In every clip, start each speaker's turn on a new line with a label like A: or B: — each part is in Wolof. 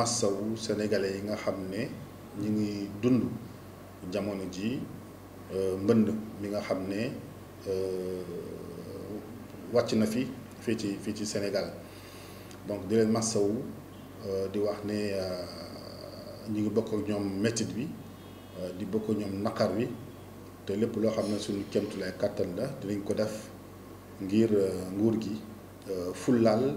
A: massawu sénégalais yi nga xamné ñi ngi dund jamono ji euh, mbënd mi nga xamné euh wacc na fi fi ci fi ci Sénégal donc di leen euh di wax ne euh, ñi ngi bokk ñom métit bi euh, di bokk ñom nakar wi te lépp loo xam suñu kéemtulaay la dinañ ko def ngir nguur gi fullaal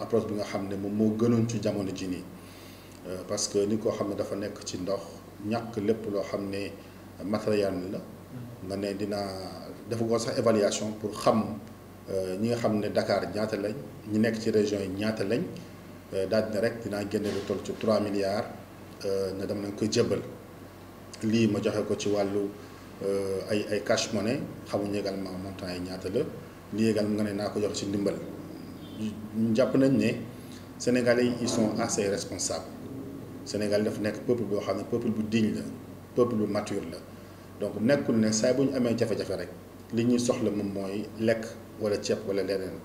A: approche bi nga xam ne moom moo gënoon ci jamono ji nii euh, parce que ni koo xam ne dafa nekk ci ndox ñàkk lépp loo xam ne matériel la mm-hmm. nga ne dinaa dafa ko sax évaluation pour xam euh, ñi nga xam ne Dakar ñaata lañ ñi nekk ci région yi ñaata lañ euh, daal dina rek dinaa génne lu toll ci 3 milliards ne dama nañ ko jébbal lii ma joxe ko ci wàllu ay ay cash money xamuñu également montant yi ñaata la lii également nga ne naa ko joxe ci ndimbal jàpp nañ ne sénégalais ils sont assez responsables sénégalais dafa nekk peuple boo xam ne peuple bu digne la peuple bu mature la donc nekkul ne saa bu ñu amee jafe-jafe rek li ñuy soxla moom mooy lekk wala ceeb wala leneen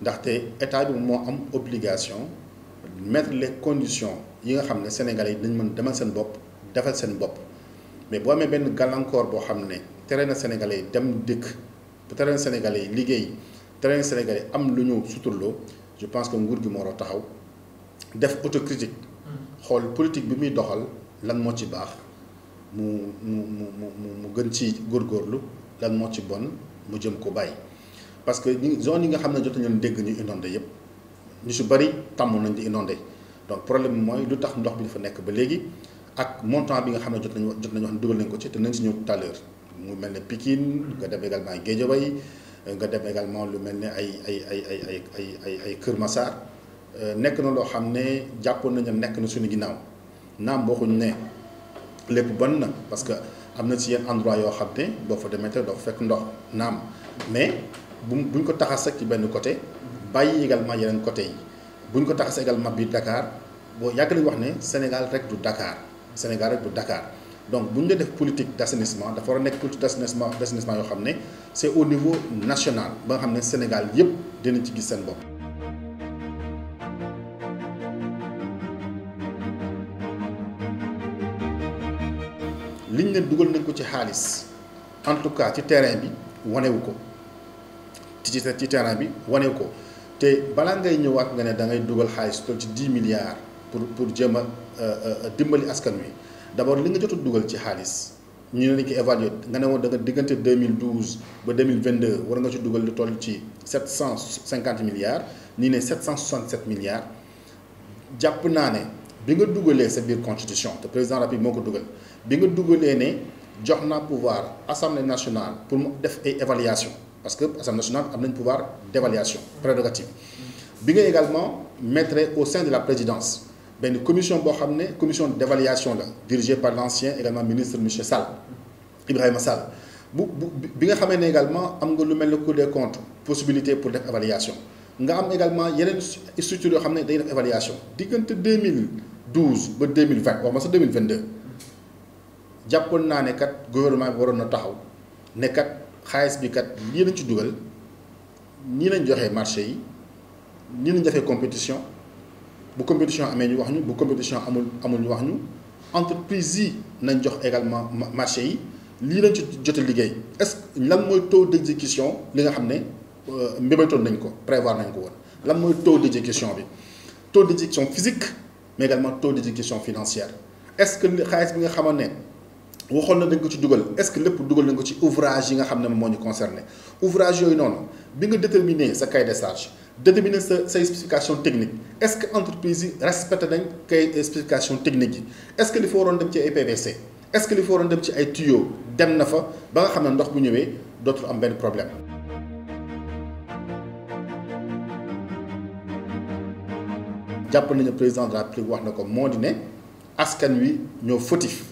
A: ndaxte état bi moo am obligation mettre les conditions yi nga xam sénégalais yi dañ mën demal seen bopp defal seen bopp mais boo amee benn gàllankoor boo xam ne sénégalais yi dem dëkk tere sénégalais yi terrain sénégalais am lu ñu suturloo je pense que nguur gi moo war taxaw def autocritique xol politique bi mi doxal lan mo ci bax mu mu mu mu gën ci gor gorlu lan mo ci bonne mu jëm ko bay parce que zone yi nga xam ne jot nañu dégg ñu inondé yépp ñu su bari tàmm nañ di inondé donc problème moy mooy lu tax ndox bi fa nek ba légui ak montant bi nga xam jot nañu jot nañu wax ne dugal nañ ko ci te nañ ci ñu tout à l'heure mu mel ne Pikine nga dem également Guédiawaye euh, nga dem également lu mel à ay ay ay ay ay ay ay ay Kër Massar euh, nekk na loo xam ne nañu nekk na suñu ginnaaw naam parce que am na ci yenn endroit yoo ne fa mais buñ ko taxas ci benn côté bàyyi également yeneen côté yi buñ ko taxas également biir Dakar boo yàgg nañ wax ne Sénégal rek du Dakar Sénégal rek du Dakar. donc bu ñu dee def politique d' assainissement dafa war a nekk politique d' assainissement d' assainissement yoo xam ne c' est au niveau national ba nga xam ne Sénégal yëpp dina ci gis seen bopp. liñ ne dugal nañ ko ci xaalis en ci terrain bi wanewu ko ci ci terrain bi wanewu ko te balaa ngay ñëwaat nga ne da ngay dugal xaalis toll ci dix milliards pour pour jéem a euh, euh, dimbali askan wi. D'abord, ce que nga jot fait, nous ci évalué nga 2012 2022 war nga ci 750 milliards nii ne 767 milliards Nous avons ne bi nga sa constitution Le président rapide moo ko dugal bi nga dugalee ne jox pouvoir assemblée nationale pour faire def évaluation parce que l'Assemblée nationale a un pouvoir d'évaluation prérogative bi nga également mettre au sein de la présidence une commission boo xam commission d'évaluation la dirigée par l'ancien également ministre monsieur Sall Ibrahim Sall bu bu bi nga également am nga lu mel coup des comptes possibilité pour l'évaluation. Nous nga également yeneen structure yoo xam def évaluation diggante 2012 ba 2020 wax ma 2022 japon n'a ne kat gouvernement bi waroon na taxaw ne kat xaalis bi kat lii lañ ci dugal nii lañ joxee marché yi nii lañ defee compétition bu compétition amee ñu wax ñu bu compétition amul amul ñu wax ñu entreprise yi nañ jox également marché yi li lañ ci jotté liggéey est-ce lan moy taux d'exécution li nga xamné ne euh, nañ ko prévoir nañ ko won lan moy taux d'exécution bi taux d'exécution physique mais également taux d'exécution financière est-ce que xaalis bi nga xamné waxoon na dañ ko ci dugal est-ce que lepp dugal nañ ko ci ouvrage yi nga xamne ne ñu concerné ouvrage non. noonu bi nga déterminer sa cahier de charge déterminer sa spécification technique est-ce que entreprise respecte respecté nañ kay euh, spécification technique yi est-ce que li fa dem ci ay PVC est-ce que li fa dem ci ay tuyaux dem na fa ba nga xamne ndox bu ñëwee dootul am ben problème jàpp nañu président de la République wax na ko moo di askan wi ñoo fautif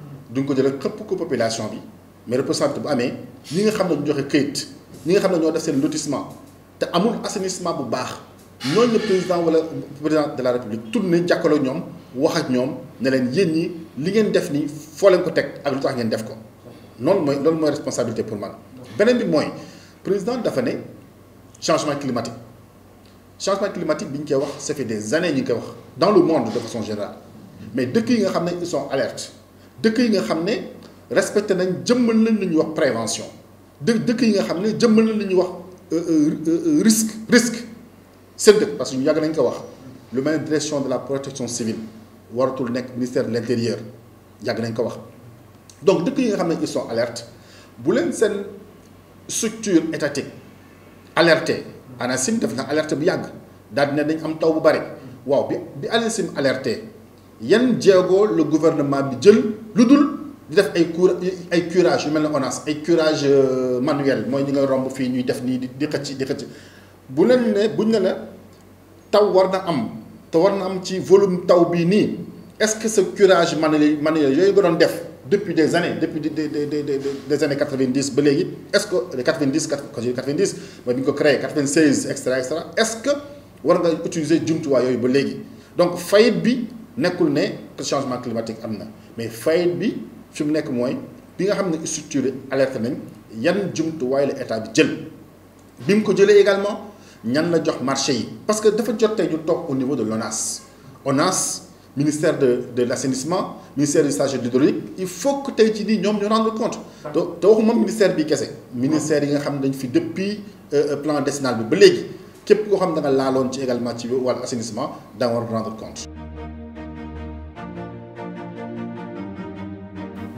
A: duñ ko jël xëpp ko population bi mais représentante bu amee ñi nga xam ne ñu joxe këyit ñi nga xam ne ñoo def seen lotissement te amul assainissement bu baax ñooñu le président wala président de la république tourné jàkkaarloo ñoom wax ak ñoom ne leen yéen ñi li ngeen def ni foo leen ko teg ak lu tax ngeen def ko loolu mooy loolu mooy responsabilité pour man. beneen bi mooy président dafa ne changement climatique changement climatique bi ñu koy wax ça fait des années ñu ngi koy wax dans le monde de façon générale mais dëkk yi nga xam ne ils sont alertes dëkk yi nga xam ne respecté nañ jëmmal nañ li ñuy wax prévention dë dëkk yi nga xam ne jëmmal nañ li ñuy wax euh, euh, euh, risque risque seen dëkk parce que ñu yàgg nañ ko wax lu mel direction de la protection civile waratul nekk ministère de l'intérieur yàgg nañ ko wax donc dëkk yi nga xam ne ils sont alertes bu leen seen structure étatique alerté ANACIM def na alerte bu yàgg daal dina dañ am taw bu bari waaw bi bi ANACIM alerté yan Diego le gouvernement bi jël ludul di def ay cour ay courage yu mel ONAS ay courage euh, manuel moy ni nga romb fi ñuy def ni di xëcc di xëcc bu len ne buñ ne la taw war na am te war na am ci volume taw bi ni. est-ce que ce courage manuel manuel yooyu nga doon def depuis des années depuis des des des des des années quatre-vingt-dix ba légui est-ce que les quatre-vingt-dix quatre-vingt-dix ko créé quatre-vingt-seize et cetera est-ce que war nga utiliser jumtuwaay yoy ba légui donc fayit bi nekul ne que changement climatique amna mais fayit bi fi nek moy bi nga xamné ne structure alerte nañ yan jumtuwaay la état bi jël Bim, ko jëlee également ñan la jox marché yi parce que dafa jot tey ñu top au niveau de l'ONAS ONAS ministère de de l'assainissement ministère du chargé hydraulique il faut que tay ci ni ñom ñu rendre compte te te waxuma ministère bi kessé ministère yi nga xamné dañ fi depuis euh, euh, plan décennal bi ba légui képp ko xam da nga laaloon ci également ci wal assainissement da war rendre compte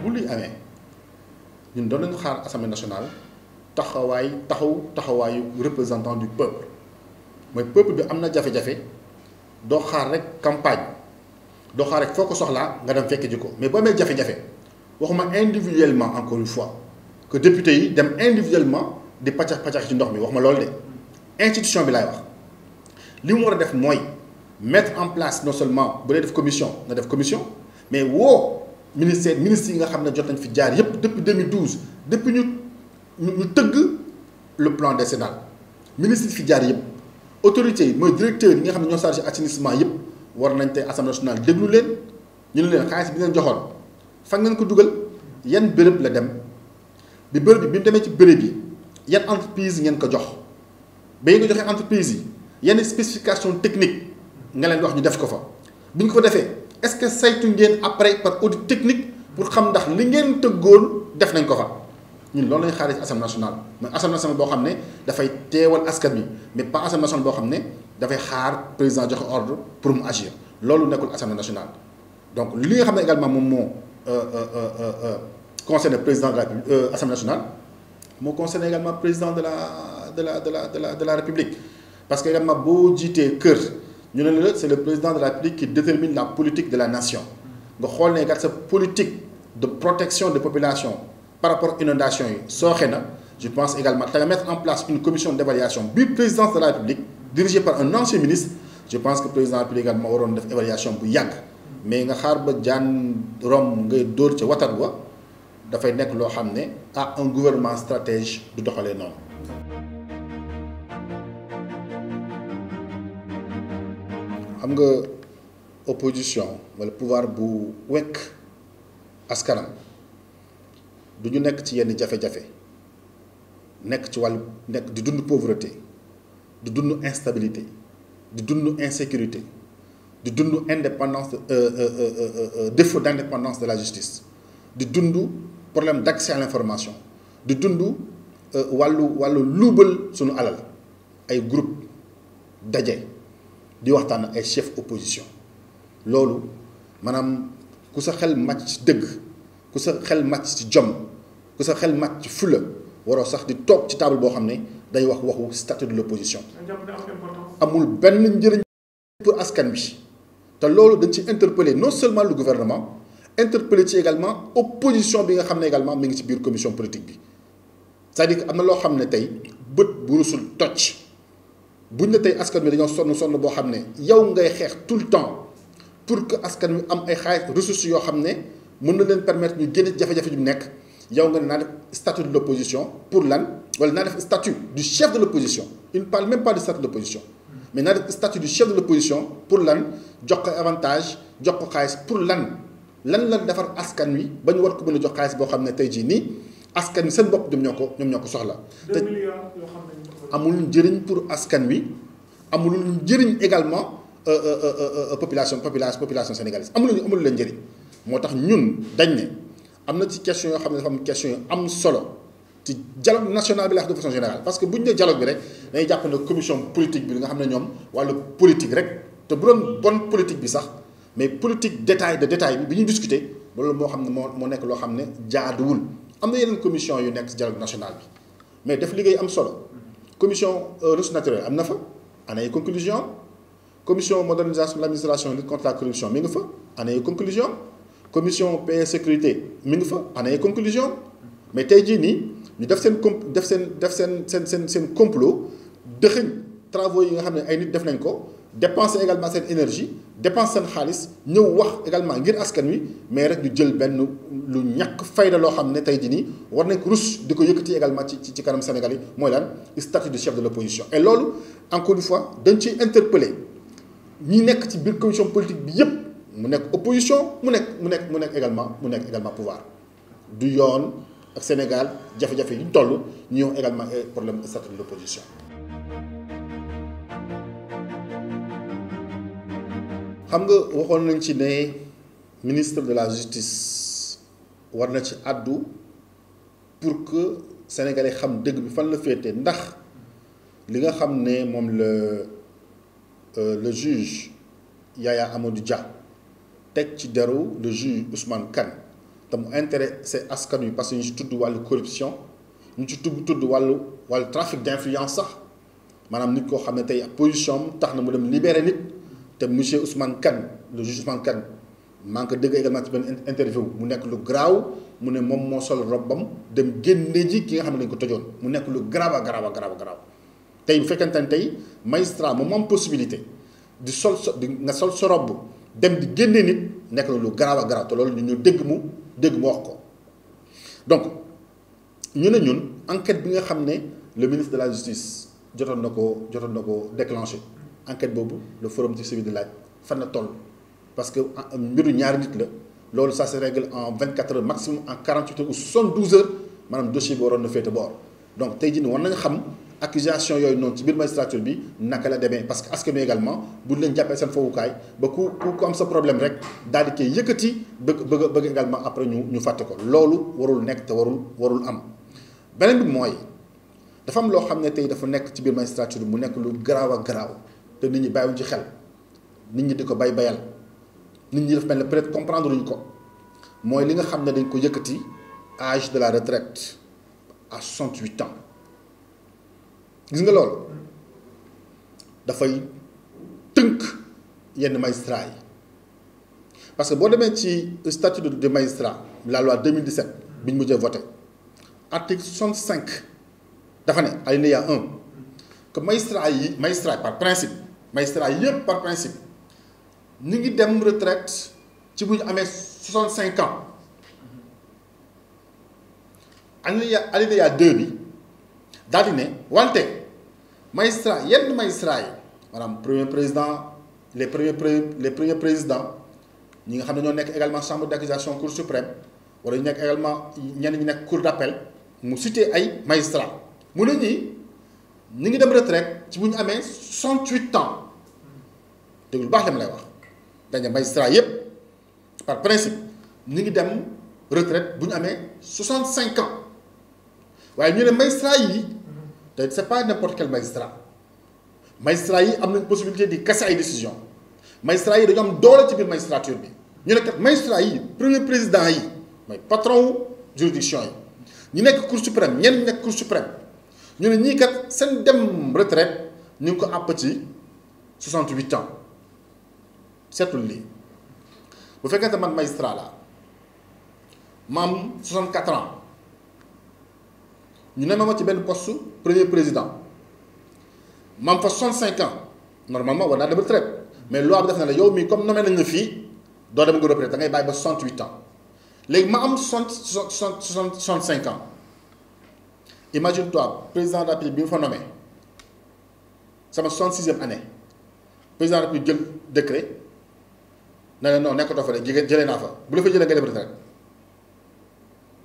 A: bu luy amee ñun doon xaar assemblée nationale taxawaay taxaw taxawaayu représentant du peuple mooy peuple bi am na jafe-jafe doo xaar rek campagne doo xaar rek foo ko soxlaa nga dem fekk ji ko mais boo amee jafe-jafe waxuma individuellement encore une fois que député yi dem individuellement di pàccax pàccax ci ndox mi waxuma ma loolu de institution bi laay wax li mu war a def mooy mettre en place non seulement bu dee def commission na def commission mais woo ministère ministre nga xamné depuis 2012 depuis ñu ñu le plan décennal Ministère ministre fi jaar yépp autorités yi directeur nga xamné chargé assainissement yépp war nañ té assemblée nationale déglu leen ñu leen bi ngeen ngeen ko la dem bi béréb bi bi démé ci béréb bi yan entreprise ngeen ko jox entreprise yi spécification technique nga leen wax est-ce que saytu ngeen après par audit technique pour xam ndax li ngeen tëggoon def nañ ko fa ñun loolu lañ assemblée nationale Mais assemblée nationale boo xam ne dafay teewal askan bi mais pas assemblée nationale boo xam ne dafay xaar président joxe ordre pour mu agir loolu nekkul assemblée nationale. donc li nga xam ne également moom moo euh, euh, euh, président de la assemblée nationale moo concerne également président de la de la de la de la la république parce que également boo jiitee c'est le président de la République qui détermine la politique de la nation nga on que cette politique de protection des populations par rapport aux inondations je pense également que mettre en place une commission d'évaluation du président de la République dirigée par un ancien ministre je pense que le président de la République également avoir une évaluation pour Yang. mais nga xaar ba rom ngay watat un gouvernement stratège de doxalee xam nga opposition wala pouvoir bu wekk askanam duñu ñu nekk ci yenn jafe-jafe nekk ci wàllu nekk di dund pauvreté di dund instabilité di dund insécurité di dund indépendance euh, euh, euh, défaut d'indépendance de la justice di dund problème d'accès à l'information di dund wàllu wàllu luubal sunu alal ay groupe daje di waxtaan ay chef opposition loolu maanaam ku sa xel màcc ci dëgg ku sa xel màcc ci jom ku sa xel màcc ci fula waroo sax di toog ci table boo xam ne day wax waxu statut de l'opposition amul benn njëriñ pour askan bi te loolu dañ ci interpeller non seulement le gouvernement interpeller ci également opposition bi nga xam ne également mi ngi ci biir commission politique bi c'est-à-dire que am na loo xam ne tey bu rusul tocc buñ la tey askan wi dañoo son sonn boo xam ne yow ngay xeex tout le temps pour que askan mi am ay xaalis ressources yo xamné ne mën na leen permettre ñu génne jafé jafé ju nekk yow nga na def statut de l'opposition pour lan wala na def statut du chef de l'opposition il ne parle même pas du statut de l'opposition mais na def statut du chef de l'opposition pour lan jox ko avantage jox ko xaalis pour lan lan la défar askan mi ba war ko mëna jox xaalis bo xamné tay ji ni askan mi seen bopp ñoko ñom ñoko soxla 2 ko yo xamné amul njëriñ pour askan wi amul également euh, euh, euh, population population population sénégalaise amul amul dire njëriñ nous ñun dañ né amna ci question yo question am solo ci dialogue national bi la de façon générale parce que bu né dialogue bi rek dañ japp commission politique bi nga ñom politique rek te bu bonne politique bi sax mais politique détail de détail bi ñu discuter loolu que yeneen commission yu nek ci dialogue national bi mais def liggéey am solo commission euh, ressources naturelles elle fa ana conclusion commission modernisation de l'administration contre la corruption elle a fa ana conclusion commission paix sécurité elle a fa ana conclusion mais elle a dit ñu def sen complot Elle travaux yi nga xamné ay nit def ko dépenser également cette énergie dépenser en xaalis nous wax également ngir askan wi mais rek ñu jël benn lu ñàkk fayda loo xam ne tey jii nii war nañ ko rus di ko également ci ci kanam Sénégal yi lan statut de chef de l'opposition et loolu encore une fois dañ ciy interpeller ñi nekk ci biir commission politique bi yépp mu nekk opposition mu nekk mu nekk mu nekk également mu nekk également pouvoir du yoon ak Sénégal jafe-jafe yi nous toll également eh, problème statut de l'opposition xam nga waxoon nañ ci ne ministre de la justice war na ci àddu pour que sénégalais xam dëgg bi fan la féete ndax li nga xam ne moom la euh, le juge Yaya Amadou Dia teg ci deru le juge Ousmane Kane te intérêt, c'est askan wi parce que ñu ci tudd wàllu corruption ñu ci tudd tudd wàllu wàllu trafic d'influence, influence sax maanaam nit koo xam ne tey position am tax na mu dem libéré nit te monsieur Ousmane Kane le juge Ousmane Kane manque de également une interview mu nekk lu graaw mu ne moom moo sol robbam dem génne ji ki nga xam ne dañ ko tojoon mu nekk lu graaw a graaw a graaw a graaw tey possibilité de sol sa di sol sa robb dem di génne nit nekk na lu graaw a graaw te loolu ñu ñu dégg mu dégg mu wax ko donc ñu ne ñun enquête bi nga xam le ministre de la justice jotoon na ko jotoon na ko déclenché enquête Bobo, le forum du civil de laaj fan la toll parce que ah, mbiru ñaar nit la loolu ça se règle en 24 heures maximum en 48 heures ou 72 heures manam dossier bi waroon na donc tay jii nii nañ xam accusation yoy non ci bir magistrature bi naka la demee parce que askan wi également buñ leen sen seen kay ba ku ku am sa problème rek dal di yëkëti bëgg bëgg également après ñu ñu faté ko loolu warul nekk te warul warul am benen bi moy dafa am lo xamné ne tey dafa nekk ci bir magistrature mu nekk lu grave grave te nit ñi bàyyiwuñ ci xel nit ñi di bay bayal nit ñi daf mel comprendre luñ ko mooy li nga xam ne ko âge de la retraite à 68 ans gis nga loolu dafay tënk yenn magistrat parce que boo demee ci statut de magistrat la loi 2017 bin ñu voter. voté article 65 dafa alinéa 1 que magistrat yi magistrat par principe magistrat par principe nous ngi dem retraite ci amé 65 ans soixante cinq ans a deux bi y a ne magistrat yenn magistrat premier président les premiers les premiers présidents ñi nga xamné ñoo également chambre d'accusation cour suprême wala ñu il également ñi cour d'appel mu cité ay magistrat mu a deux retraite ci buñ 68 ans déglu magistrat par principe nous ngi dem retraite 65 ans Mais ñu sommes magistrat yi n'est c'est pas n'importe quel magistrat Les yi ont une possibilité de casser les décisions. magistrat yi ont am doole ci de magistrature bi ñu magistrat premier président yi patron patron la juridiction yi ñu cour suprême nous sommes cour suprême Nous ne ñii retraite ñu 68 ko 68 ans seetul Vous bu fekkente man un la là. 64 ans ñu même ma ci benn poste premier président mam fa 65 ans normalement war naa dem retraite mais loi def na la yow mii comme nommé nañ la fii doo dem nga retraite da ngay bàyyi ba 68 ans léegi ma am 65 ans imagine toi président de la République bi mu fa nommé sama 66e année président de la République jël décret. ne la non nekkatoo fa de jigéen jëlee naa fa bu la fa jëlee nga dem retraite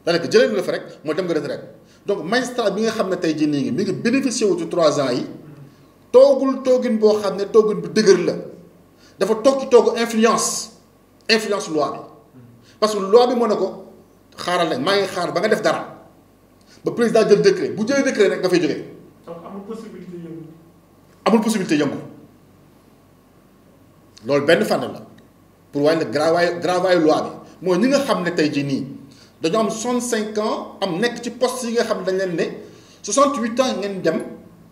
A: c'est-à-dire que la fa rek moo dem nga rek donc magistrat bi nga xam ne tey jii nii ngi mi ngi bénéficié trois ans yi toogul toogin boo xam ne toogin bu dëgër la dafa toog ci toogu influence influence loi parce que loi bi mën na ko xaaral nag maa ngi xaar ba nga def dara ba président jël décret bu jëlee décret rek nga fay jógee. donc amul possibilité yëngu. amul possibilité yëngu loolu benn fànna la. pour waaye le travail gravaayu loi bi mooy ñi nga xam ne tey jii nii dañoo am 65 ans am nekk ci poste yi nga xam dañ leen 68 ans ngeen dem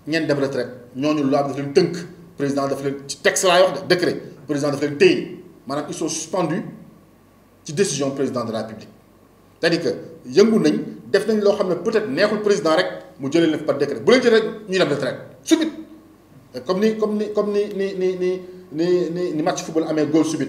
A: ngeen dem retraite ñooñu loi bi daf leen tënk président de texte laay wax de décret président de leen téye maanaam ils sont suspendus ci décision président de la République c'est-à-dire que yëngu nañ def nañ loo xam ne peut-être neexul président rek mu jëlee leen par décret bu leen jëlee rek ñu retraite subit comme ni comme ni comme ni ni ni ni ni ni match football un goal subit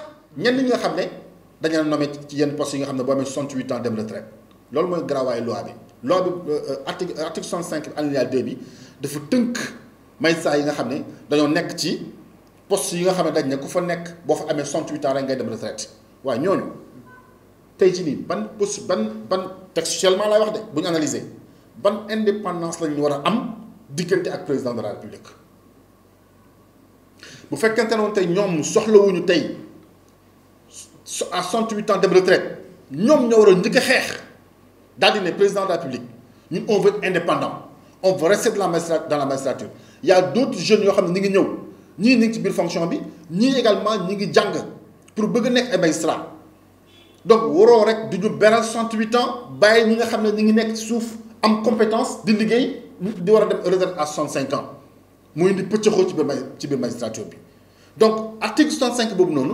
A: ñen ñi nga xamné ne dañu la nommé ci yeen poste yi nga xamné bo amé 68 ans dem retraite lool moy grawaay loi bi loi bi euh, article article 65 alinéa 2 bi dafa tënk sa yi nga xamné dañu nekk ci poste yi nga xamné ne dañ ne ku fa nekk bo fa amé 68 ans rek ngay dem retraite wa ñooñu tay ci nii ban poste ban ban textuellement la wax dé bu ñu analyser ban indépendance la wara am digënté ak président de la république bu fekkente ne woon tey ñoom soxlawuñu tey à 68 ans de retraite nous ñoo war a njëkk a xeex président de la République Nous, on veut indépendant on veut rester dans la magistrature il y a d'autres jeunes qui sont venus ñi ngi ñëw ñii fonction bi également ñi ngi jàng pour bëgg nekk magistrat donc waroo rek du beral 68 ans bàyyi ñi nga xam ne ñi ngi nekk suuf am compétence di liggéey di war retraite à 65 ans muy indi pëccëxoo ci biir ci la magistrature donc l'article 65 boobu noonu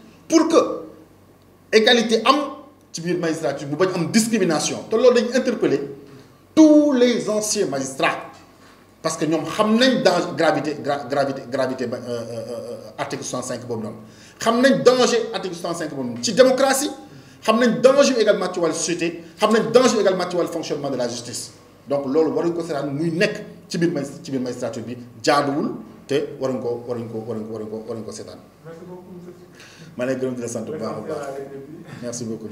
A: pour que égalité am ci biir magistrature bu bañ am discrimination te loolu interpeller tous les anciens magistrats parce que nous xam nañ danger gravité gravité gravité ba euh, euh, euh, article 65 boobu noonu xam nañ danger article 65 boobu ci démocratie xam nañ danger également ci la société xam nañ danger également ci fonctionnement de la justice donc loolu waruñ ko seetaan muy nekk ci biir ma ci biir magistrature bi jaaduwul te waruñ ko waruñ ko waruñ ko waruñ ko waruñ merci beaucoup.